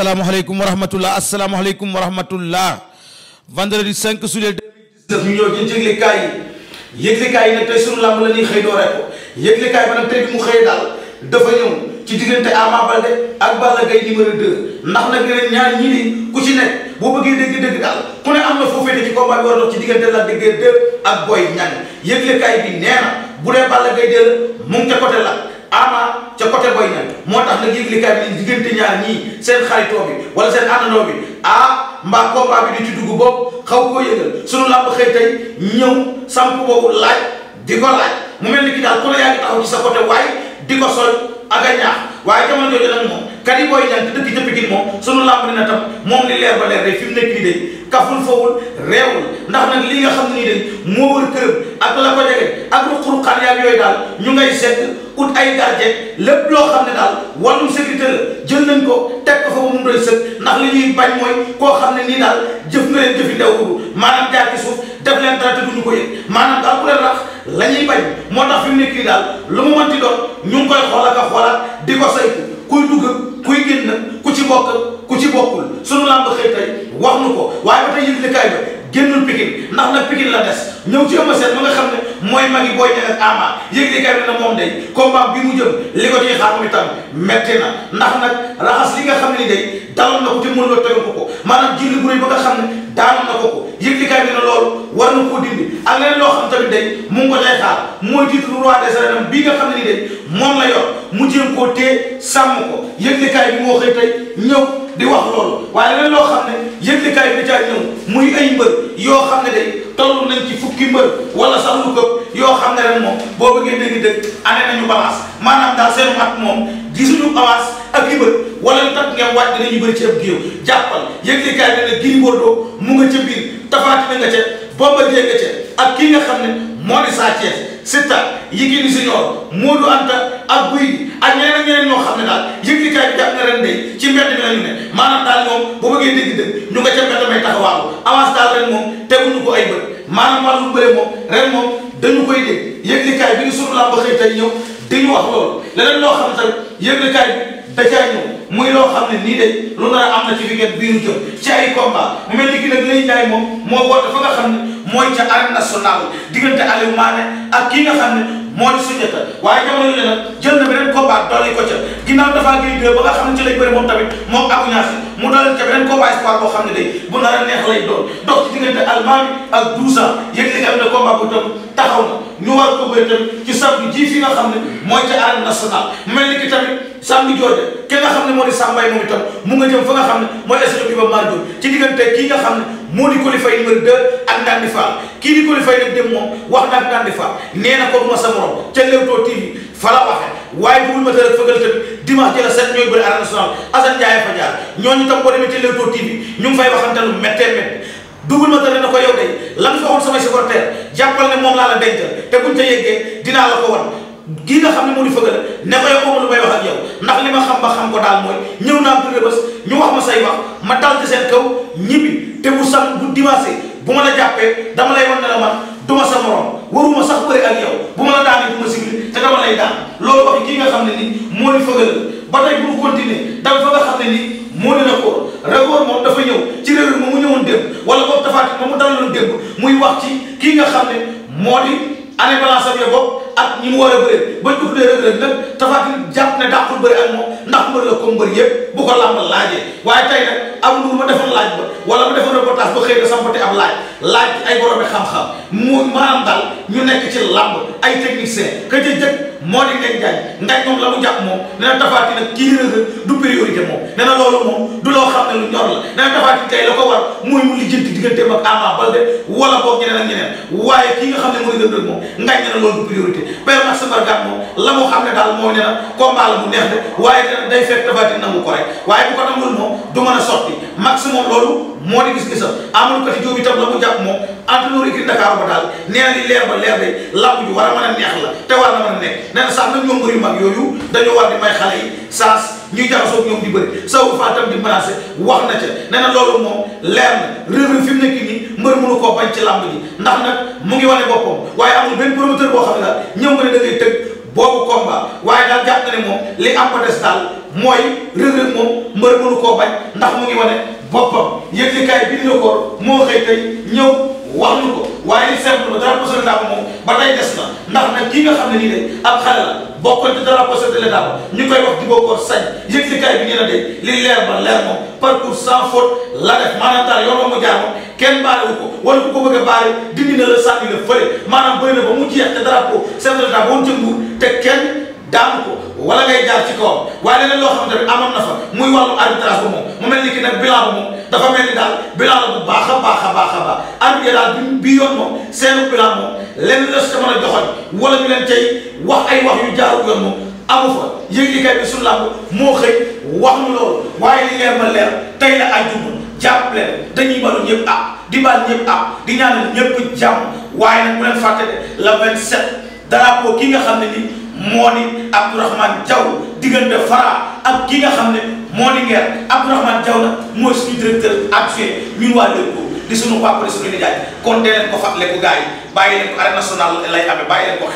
asalaamaaleykum wa rahmatulah asalaamaaleykum wa rahmatulah vendredi 5 juillet 2019 ñu ñëw ci yëglekaay yi yëglekaay yi nag tey sunu làmb la ñuy xëy doore ko yëglekaay ba nag tey bi mu xëyee daal dafa ñëw ci diggante Ama Baldé ak Balla Gaye numéro 2 ndax nag yeneen ñaar ñii di ku ci nekk boo bëggee dégg-dégg daal ku ne am na foo féete ci combat bi war a ci diggante Lac de Guiers 2 ak Boy Niang yëglekaay bi nee na bu dee Balla Gaye 2 mu ngi la. ama ca côté boy na moo tax la yëglikaay bi diggante ñaar ñii seen xaritoo bi wala seen àndandoo bi ah mbaa combat bi di ci dugg boobu xaw koo yëgal sunu làmb xëy tey ñëw samp boobu laaj di ko laaj mu mel ni ki daal ku la yaa ngi taxaw di ko sol ak a ñaax waaye jamono jooju nag moom kat yi booy ñaan na tam moom fi mu nekk nii day kaful ndax nag nga xam nii day moo ak la ko jege ak ruq-ruqaan yooyu daal ñu ngay segg ut ay gardien lépp loo xam ne daal wàllum sécurité la jël nañ ko teg ko fa ba mu doy sëg ndax li ñuy bañ mooy koo xam ne nii daal jëf nga leen jëfi ndew rudu maanaam jaar ci suuf def leen dara te duñu ko yëg maanaam daal ku leen rax la ñuy bañ moo tax fi mu nekk daal lu mu mënti doon ñu ngi koy xool ak a xoolaat di ko saytu kuy dugg kuy génn ku ci bokk ku ci bokkul sunu lamb xëy tey wax nu ko waaye ba tey yëg likaay ba génnul Pikine ndax nag Pikine la des ñëw ci Eumeu Sène mooy magi Boy Niang ak Ama yëg moom day combat bi mu jëm li ko ciy xaar itam metti na ndax nag raxas li nga xam ne ni day daloon na ko te mënuloo tegal ko ko maanaam jiw li bu rëy ba nga xam ne ko ko yëg kay ne loolu war na koo dindi ak leneen loo xam tamit day mu ngi ko cay xaar mooy titre roi des arènes bi nga xam ne ni day moom la yor mu jéem koo téye sàmm ko yëg bi moo xëy tey ñëw. di wax loolu waaye lan loo xam ne yëglikaay bi caa ñëw muy ay mbër yoo xam ne day toll nañ ci fukki mbër wala sax lu këpp yoo xam ne ren moom boo bëggee dégg dëgg ane nañu balance maanaam daal seenu at moom gisuñu avance ak i mbër wala lu tax ngeen wàcc dinañu bëri ci ab géew jàppal yëglikaay bi ne Gris doo mu nga ca biir tafaati na nga ca Bombardier nga ca ak kii nga xam ne moo di Sa Thiès Sitta Yékini Junior Modou Anta a Guy a ñeneen ak ñeneen ñoo xam ne daal yëglikaay bi jàpp na ren de ci mbedd mi la ne maanaam daal moom bu bëggee dégg ren moom teguñu ko ay bët maanaam wàllu bëre moom ren moom dañu koy dégg yëglikaay bi ñëw di ñu wax loolu leneen loo xam ne tamit yëglikaay bi da caa ñëw muy loo xam ne nii de lu nar a am na ci weekend bii ñu jëm ci ay combat mu mel ni ki nag lay jaay moom moo woote fa nga xam ne mooy ca arène nationale diggante Aliou Mané ak ki nga xam ne moo di Soundiata waaye jamono jooju nag jël na beneen combat doole ko ca ginnaaw dafa gëy dee ba nga xam ne ci lay bëri moom tamit moom Abou Niass mu doole ca beneen combat espoir boo xam ne day bu nar a neex lay doon dox ci diggante Allemagne ak 12 ans yëg li nga xam ne combat bu tam taxaw na ñu war ko bëri tamit ci samedi ji fi nga xam ne mooy ca arène nationale mel ni ki tamit samedi jooju ki nga xam ne moo di Sambay moom itam mu nga jëm fa nga xam ne mooy stade Iba Mar Diop ci diggante kii nga xam ne moo di Coly Faye numéro 2 ak Ndandi Fall kii di Coly Faye nag dem moom wax na ak Ndandi Fall nee na ko duma sa morom ca Leewtoo TV fa la waxe waaye bu wul ma tëral fëgal tëb dimanche jëla set ñooy bëri arène nationale Assane Ndiaye fa jaar ñooñu tam boo demee ca Leewtoo TV ñu ngi fay waxante lu méttee métti dugul ma tëral na ko yow day lan nga waxoon samay supporter jàppal ne moom laa la dencal te buñ ca yeggee dinaa la ko wan kii nga xam ne moo di fëgal ne ko yow moom ndax li ma xam ba xam ko daal mooy ñëw naa pour Rebeuss ñu wax ma say wax ma dal ci seen kaw ñibbi te bu sam bu dimanche bu ma la jàppee dama lay wan ne la man du ma sa morom waruma sax bëri ak yow bu ma la daanee du ma sigli te dama kii nga xam ne nii moo ni fëgal ba tey bu mu continuer dam fa nga moo ne record record dafa ñëw ci réew mi mu ñëwoon démb wala boobu tafaati moom mu daan loon démb muy wax ci kii nga xam ne moo di année balance ak bopp ak ñi mu war a bëri bañ ko tuddee Reug Reug nag tafaatil jàpp ne dàqul bëri ak moom ndax mbër la comme mbër yëpp bu ko làmbal laajee waaye tey nag am lu ma defoon laaj ba wala ma defoon reportage ba xëy na sampate am laaj laaj ay borom xam-xam mu maanaam daal ñu nekk ci làmb ay technicien ka ca jëkk moo di ngañ jaay ngañ moom la mu jàpp moom nee na tafaati nag kii rëgg du priorité moom nee na loolu moom du loo xam ne lu ñor la nee na tafaati tey la ko war mooy mu lijjanti digganteem ak Ama Baldé wala boog ñeneen ak ñeneen waaye kii nga xam ne mooy rëgg moom ngañ nee na loolu du priorité père Max Mbargane moom la mu xam ne daal mooy nee na combat la mu neex de waaye day fekk tafaati nangu ko rek waaye bu ko nangul moom du mën a sotti max moom loolu moo di gis-gisam amul ko ci tam na la mu jàpp moom entraîneur équipe Dakar ba daal nee na li leer ba leer de làmb ju war a mën a neex la te war na mën a nekk nee na ñoom mbër yooyu dañoo war di may xale yi saas ñuy jaxasoo ñoom di bëri sawu faa tam di menacé wax na ca nee na loolu moom leer na réew fi mu nekk nii mbër mënu koo bañ ci làmb ji ndax nag mu ngi wane boppam waaye amul benn promoteur boo xam ne daal ñëw nga ne da ngay tëgg boobu combat waaye daal jàpp ne moom li am ko des daal mooy Reug Reug koo bañ ndax mu ngi wane boppam yëglikaay bi di la ko moo xëy tey ñëw wax ñu ko waaye li seetlu na drapeau chef de l'État moom ba tey na ndax nag ki nga xam ni nii de ab xale la bokkal ci drapeau chef de l'État ñu koy wax Dibocor Sagne yëglikaay bi nee na de li leer ba leer moom parcours sans faute la def maanaam daal yoon moom mu jaar moom kenn baarewu ko wala ku ko bëgg a baare dindi na la sànni la fële maanaam bëri na ba mu jeex te drapeau chef de l'État ba woon ca Mbuur te kenn daanu ko wala ngay jaar ci kawam waaye leneen loo xam ne tamit amoon na fa muy wàllu arbitrage ba moom mu mel ni ki nag ba moom dafa mel ni daal bilan a baax a baax a baax bi yoon moom seenu bilan moom lenn la si mën a joxoñ wala ñu leen cay wax ay wax yu jaarul yoon moom amu fa yëglikaay bi su làmb moo xëy wax mu loolu waaye li leer ma leer tey la àjjuma jàpp leen dañuy balu ñëpp ah di baal ñëpp ah di ñaanal ñëpp jàmm waaye nag mu leen fàtte de la 27 drapeau ki nga xam ne nii moo ni Abdourahmane Diaw diggante Fara ak ki nga xam ne moo di ngeer Abdourahmane Diaw la mooy suñu directeur adjoint ñun waa Leewtoo di suñu papa di suñu nijaay kon dee leen ko fàttale ko gars yi bàyyi leen ko arène nationale lay amee bàyyi leen ko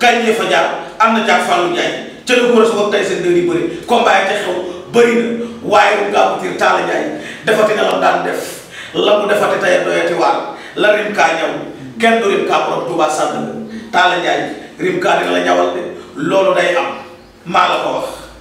xel am na jaar Fallou Ndiaye ca la góor seen dër yi bëri combat yi ca xew bëri na waaye bu gaaw tiir Talla Ndiaye defati na la mu daan def la mu defati tey doyati waar la rim kaa ñëw kenn du rim kaa borom Touba Sall Talla Ndiaye rim kaa dina la ñawal de loolu day am maa la ko wax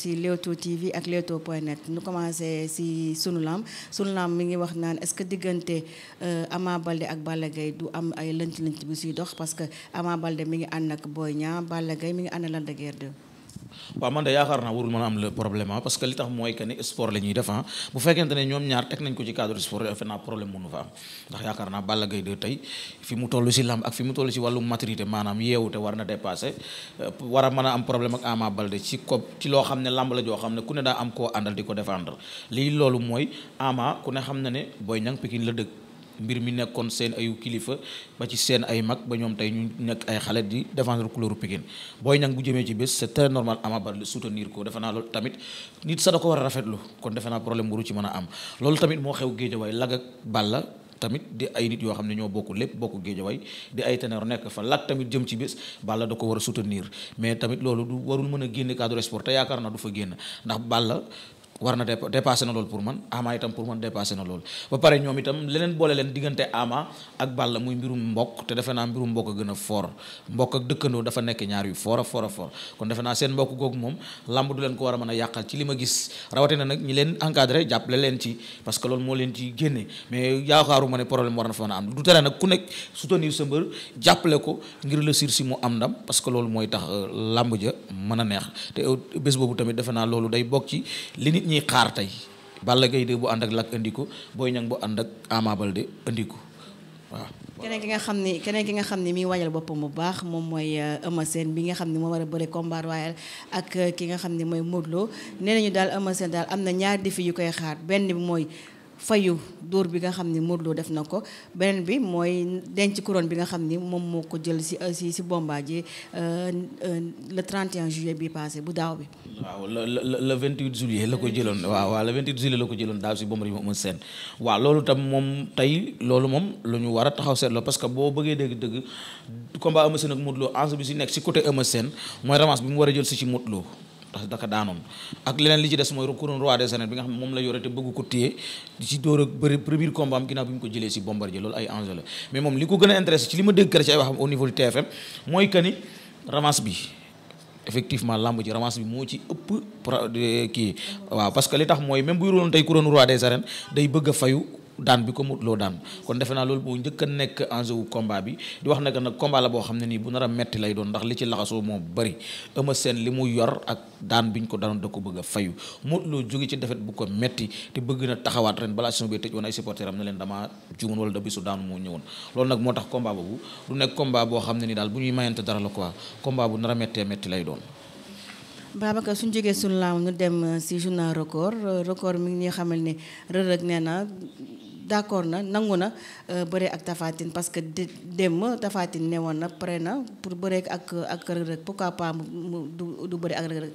si Leewtoo TV ak Leewtoo point net nu commencé si sunu lam sunu lam mi ngi wax naan est-ce que diggante euh, Ama Balde ak Balla Gaye du am ay lënt-lënt bu siy dox parce que Ama Balde mi ngi ànd ak Boy Niang Balla Gaye mi ngi ànd ak Lac de waaw man de yaakaar naa warul mën a am problème ah, parce que li tax mooy que ni sport la ñuy def ah bu fekkente ne ñoom ñaar teg nañ ko ci cadre sport defe naa problème mënu fa am ndax yaakaar naa Balla Gaye de tey fi mu toll si lamb ak fi mu toll si wàllu maturité maanaam yeewute war na dépassé euh, war a mën a am problème ak Ama Baldé ci ko ci loo xam ne lamb la joo xam ne ku ne daa am koo àndal di ko défendre lii loolu mooy Ama ku ne xam na ne Boy Niang Pikine la dëkk mbir mi nekkoon seen ayu kilifa ba ci seen ay mag ba ñoom tey ñu nekk ay xale di défendre couleur Pikine Boy ñang bu jëmee ci bés c'est très normal Ama Baldé soutenir ko defe naa loolu tamit nit sax da ko war a rafetlu kon defe naa problème waru ci mën a am loolu tamit moo xew Guédiawaye Lac ak Balla tamit di ay nit yoo xam ne ñoo bokk lépp bokk géejawaay di ay ténor nekk fa Lac tamit jëm ci bés Balla da ko war a soutenir mais tamit loolu du warul mën a génn cadre sport te yaakaar naa du fa génn ndax Balla war na dépassé na loolu pour man ama itam pour man dépassé na loolu ba pare ñoom itam leneen boole leen diggante ama ak Balla muy mbirum mbokk te defe naa mbirum mbokk a a fort mbokk ak dëkkandoo dafa nekk ñaar yu fort a fort a fort kon defe naa seen mbokk googu moom lamb du leen ko war a mën a yàqal ci li ma gis rawatina nag ñi leen encadré jàppale leen ci parce que loolu moo leen ci génne mais yaakaaru ma ne problème a am du tere nag ku nekk soutenir sa mbër jàppale ko ngir le sursis mu am ndam parce que loolu mooy tax euh, lamb ja mën a neex te euh, bés boobu tamit defe naa loolu day bokk ci li nit ñuy xaar tey Balla Gaye 2 bu ànd ak Lac indi ko Boy Niang bu ànd ak Ama Baldé indi ko waaw keneen ki nga xam ni keneen ki nga xam ni mi waajal boppam bu baax moom mooy euh, Eumeu bi nga xam ni moo war a bëre combat royal ak euh, ki nga xam ni mooy Modou Lo nee nañu daal Eumeu Sène daal am na ñaar défi yu koy xaar benn bi mooy fayu dóor bi nga xam ni Modou def na ko beneen bi mooy denc couronne bi nga xam ni moom moo ko jël si si si Bombardier euh, euh, le 31 juillet bi passé bu daaw bi. waaw le le le la ko jëloon waaw waaw le 28 la ko jëloon daaw si Bombardier moom seen waaw loolu tam moom tey loolu moom lu ñu war a taxaw seetloo parce que boo bëggee dëgg-dëgg combat Eumeu Sène ak Modou Lo bi si nekk si côté Eumeu Sène mooy revanche bi mu war a jël si si Modou Lo ndax daka daanoon ak leneen li ci des mooy couronne roi des arènes bi nga xam moom la yore te bëgg ko téye ci dóor ak bëri premier combat am ginnaaw bi mu ko jëlee si Bombardier loolu ay enjeu mais moom li ko gën a intéressé ci li ma dégg kër ci ay waxam au niveau du TFM mooy que ramas bi effectivement lamb ji ramas bi moo ci ëpp kii waaw parce que li tax mooy même bu yoroon tey couronne roi des arènes day bëgg a fayu daan bi ko Modou Lo daan kon defe naa loolu moo njëkk a nekk enjeu wu bi di wax nag nag combat la boo xam ne nii bu nar a metti lay doon ndax li ci laxasoo moo bëri Eumeu li mu yor ak daan biñ ko da ko bëgg a fayu Modou Lo jóge ci daanu moo ñëwoon loolu nag moo tax combat boobu du nekk combat boo xam ne ni daal bu ñuy mayante dara la quoi combat bu nar a mettee metti lay doon Babacar suñu jógee suñu laam ñu dem si journal record record mi ngi ñuy xamal ne Reug nee na d'accord na nangu na euh, bëree ak tafaatin Tine parce que démb tafaatin Tine ne woon na pare na pour bëree ak ak Reug Reug pourquoi pas du bëri ak Reug Reug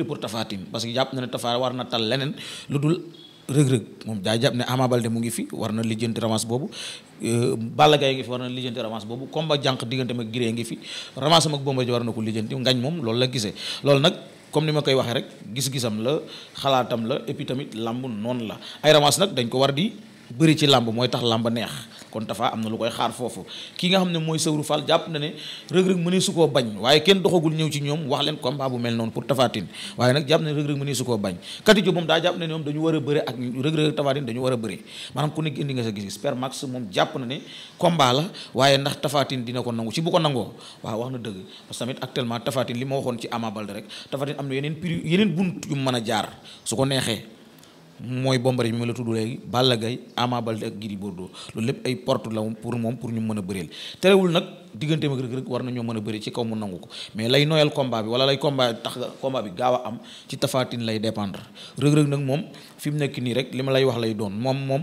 tuuti pour tafaatin parce que jàpp na ne tafa war na tal leneen lu dul rëg-rëg moom daa jàpp ne Ama Baldé mu ngi fi war na lijjanti ramasse boobu euh, Balla Gaye ngi fi jànq diggante mag girée ngi fi ramasse mag bomba war na ko lijjanti ngañ moom loolu la gisee loolu nag comme ni ma koy waxee rek gis-gisam la xalaatam la et puis tamit lamb noonu la ay ramasse nag dañ ko war di bëri ci làmb mooy tax làmb neex kon dafa am na lu koy xaar foofu ki nga xam ne mooy Sëwru Fall jàpp na ne rëg-rëg mënee su koo bañ waaye kenn doxagul ñëw ci ñoom wax leen combat bu mel noonu pour tafatin waaye nag jàpp na ne rëg-rëg mënee su koo bañ kati jo moom daa jàpp ne a bëre ak rëg-rëg tafatin dañu war a bëre maanaam ku la waaye ndax tafaatin dina ko nangu ci bu ko nangoo waaw wax na dëgg parce que tamit actuellement tafatin li ma waxoon ci Ama Baldé rek tafatin am na yeneen prix yeneen bunt yu mën a jaar su ko neexee mooy Bombardier bi ma la tudd léegi Balla Gaye Ama Baldé ak Gris Bordeaux loolu lépp ay porte la pour moom pour ñu mën a bëreel terewul nag digganteem ak Reug Reug war nañoo mën a bëri ci kaw mu nangu ko mais lay noyal combat bi wala lay combat tax combat bi gaaw a am ci tafaatin lay dépendre Reug nag moom fi mu nekk nii rek li ma lay wax lay doon moom moom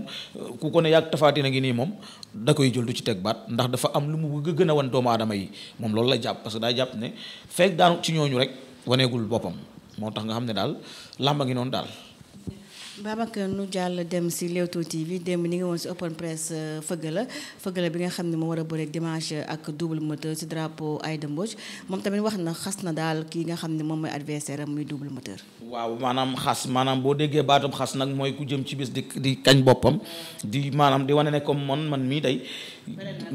ko ne yàgg tafaatin a ngi nii moom da koy jël du ci teg baat ndax dafa am lu mu gën a wan doomu aadama yi moom loolu la jàpp parce que daa jàpp ne fekk daanu ci ñooñu rek waneegul boppam moo tax nga xam ne daal làmba ngi noonu daal Babacar nu jàll dem si Leewtoo TV démb ni nga woon si open press Fëgala euh, Fëgala bi nga xam ne moo war a bëre dimanche ak double moteur si drapeau Aïda Mbodj moom tamit wax na xas na daal kii nga xam ne moom mooy adversaire am muy double moteur. waaw maanaam xas maanaam boo déggee baatam xas nag mooy ku jëm ci bis di di kañ boppam di maanaam di wane ne comme man man mii day.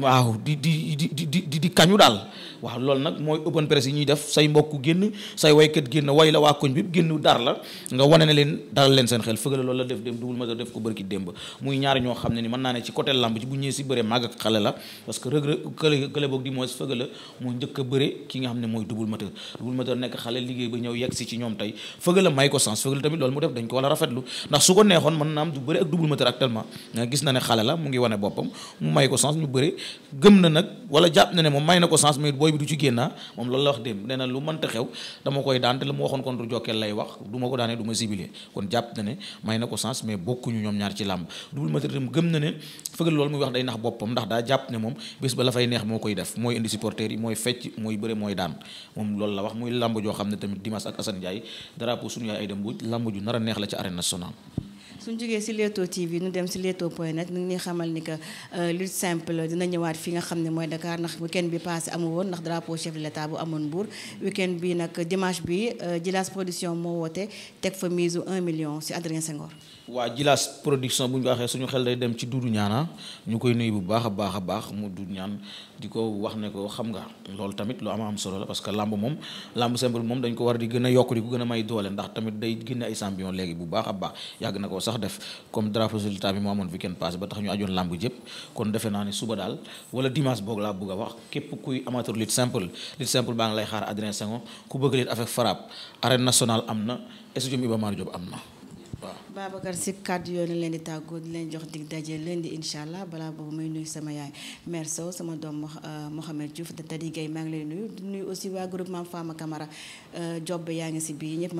waaw di di di di di di kañu daal waaw loolu nag mooy open press yi ñuy def say mbokk génn say waykat génn way la waa koñ bi génn dar la nga wane ne leen daral leen seen xel fëgale lool la def dem Double Moteur def ko bërki ñoo xam ne ni mën naa ne ci côté lamb bu ñëwee si bëre màgg ak xale la parce que regret kële kële boog mooy njëkk a bëre ki nga xam ne mooy Double Moteur Double Moteur nekk xale liggéey ba ñëw yegg si ci ñoom tey fëgale may ko sens fëgale tamit loolu mu def dañ ko wala rafetlu ndax su ko neexoon mën naa am du bëre ak Double Moteur gis na ne xale la mu ngi wane boppam lu bëri gëm na nag wala jàpp na ne moom may na ko sens mais booy bi du ci génnaa moom loolu la wax démb nee na lu mënta xew dama koy daan la wax ma ko daanee du ma sibilé kon jàpp na ne may na ko sens mais bokkuñu ñoom ñaar ci làmb Double Moteur tam na ne fëgal loolu muy wax day nax boppam ndax daa jàpp ne moom la fay neex moo koy def mooy indi supporters yi mooy fecc mooy bëre mooy la wax muy làmb joo xam ne tamit Dimas ak Assane Ndiaye drapeau suñu yaay ay dem bu làmb ju nar a neex la ci arène nationale suñ jógee si Leewtoo TV nu dem si Leewtoo point net ñu ngi xamal ni que euh, lutte simple dina ñëwaat fi nga xam ne mooy dakaar ndax weekend bi passé amu woon ndax drapeau chef de l'état bu amoon Mbour weekend bi nag dimanche bi euh, Jilas production moo woote teg fa mise un million si Adrien Senghor. waa Jilas production bu ñu waxee suñu xel day dem ci Doudou ñaana ñu koy nuyu bu baax a baax a baax mu Doudou ñaan di ko wax ne ko xam nga loolu tamit lu am am solo la parce que lamb moom lamb moom dañ ko war di gën a yokk di ko may doole ndax tamit day génne ay champion bu baax a baax yàgg na ko sax sax def comme drapeau résultat bi mu amoon weekend passé ba tax ñu ajoon làmb jëpp kon defe naa ne suba daal wala dimanche boog laa bëgg a wax képp kuy amateur lutte simple lutte simple baa ngi lay xaar Adrien Senghor ku bëgg lutte avec frappe arène nationale am na stade jox dig daje leen di incha balaa boobu may nuyu sama yaay mère sama doom euh, Mohamed Diouf da Tadi Gueye maa ngi lay nuyu di nuyu aussi waa groupement a Camara Job euh, yaa ngi si biir ñëpp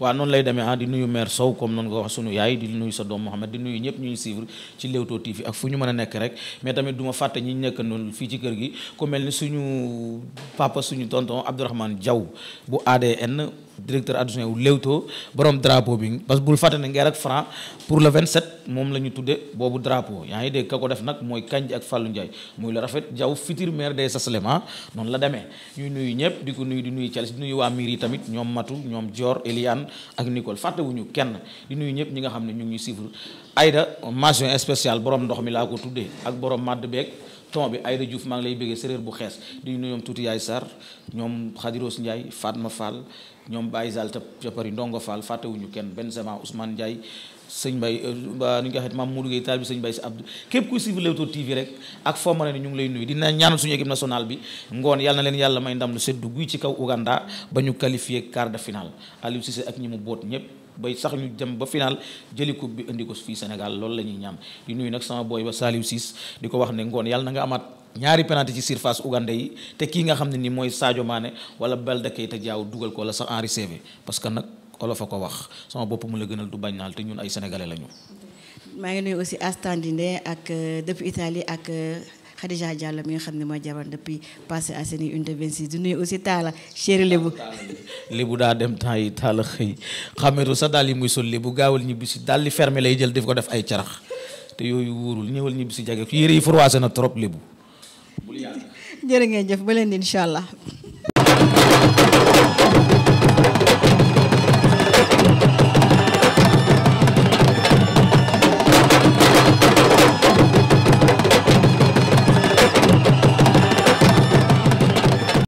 waaw noonu lay demee ah di nuyu maire Sow comme noonu nga wax sunu yaay di nuyu sa doom Mohamed di nuyu ñëpp ñuy suivre ci Leewtoo TV ak fu ñu mën a nekk rek mais tamit du ma fàtte ñi nekk noonu fii ci kër gi ku mel ni suñu papa suñu tonton Abdourahmane jaw bu ADN directeur adjoint wu Leewtoo borom drapeau bi parce que bul fàtte ne ngeer ak franc pour le 27 moom la ñu tudde boobu drapeau yaa ngi dégg ka ko def nag mooy Kandji ak Fallou Ndiaye muy la rafet Diaw futur maire sa Sassalema noonu la demee ñuy nuyu ñëpp di ko nuyu di nuyu Thiès di nuyu waa miir yi tamit ñoom Matu ñoom Dior Eliane ak Nicole fàttewuñu kenn di nuyu ñëpp ñi nga xam ne ñu ngi ñuy suivre Aïda mention spéciale borom ndox mi laa ko tuddee ak borom madd beeg ton bi Ayda Diouf maa ngi lay bëggee séréer bu xees di nuyu ñoom tuuti yaay Sarr ñoom Khadiros Ndiaye Fatma Fall ñoom Baye Zal ta ca Paris Ndongo Fall fàttewuñu kenn Benzema Ousmane Ndiaye sëñ Mbaye euh, nu ñu koy waxee maam Modou Gueye taal bi sëñ Mbaye si Abdou képp kuy suivre Leewtoo TV rek ak foo mën ne ñu ngi lay nuyu dina ñaanal suñu équipe nationale bi ngoon yàlla na leen yàlla may ndam lu seddu guy ci kaw Ouganda ba ñu qualifié quart de finale Aliou Cissé ak ñi mu boot ñëpp bay sax ñu dem ba final jëli coupe bi indi ko fii Sénégal loolu la ñuy ñaan di nag sama booy ba Saliou Ciss di ko wax ne ngoon yàlla na nga amaat ñaari penalty ci surface Ouganda yi te kii nga xam ne ni mooy Sadio Mané wala Balde Keita Diaw dugal ko la sax Henri Saivet parce nag olof a ko wax sama bopp mu la gënal du bañ naal te ñun ay sénégalais la maa ngi nuyu aussi Astandine ak euh, depuis Italie ak. Euh, Khadija Diallo mi nga xam ne mooy jabar depuis passé à seen une de 26 di nuyu aussi Talla chéri Lébu. Lébu daa dem temps yi Talla xëy xametu sa daal yi muy sol Lébu gaawal ñibbi si daal di fermé lay jël def ko def ay carax te yooyu wóorul ñëwal ñibbi si jage yére yi froissé na trop Lébu. bul yàgg jërë ngeen jëf ba di incha allah.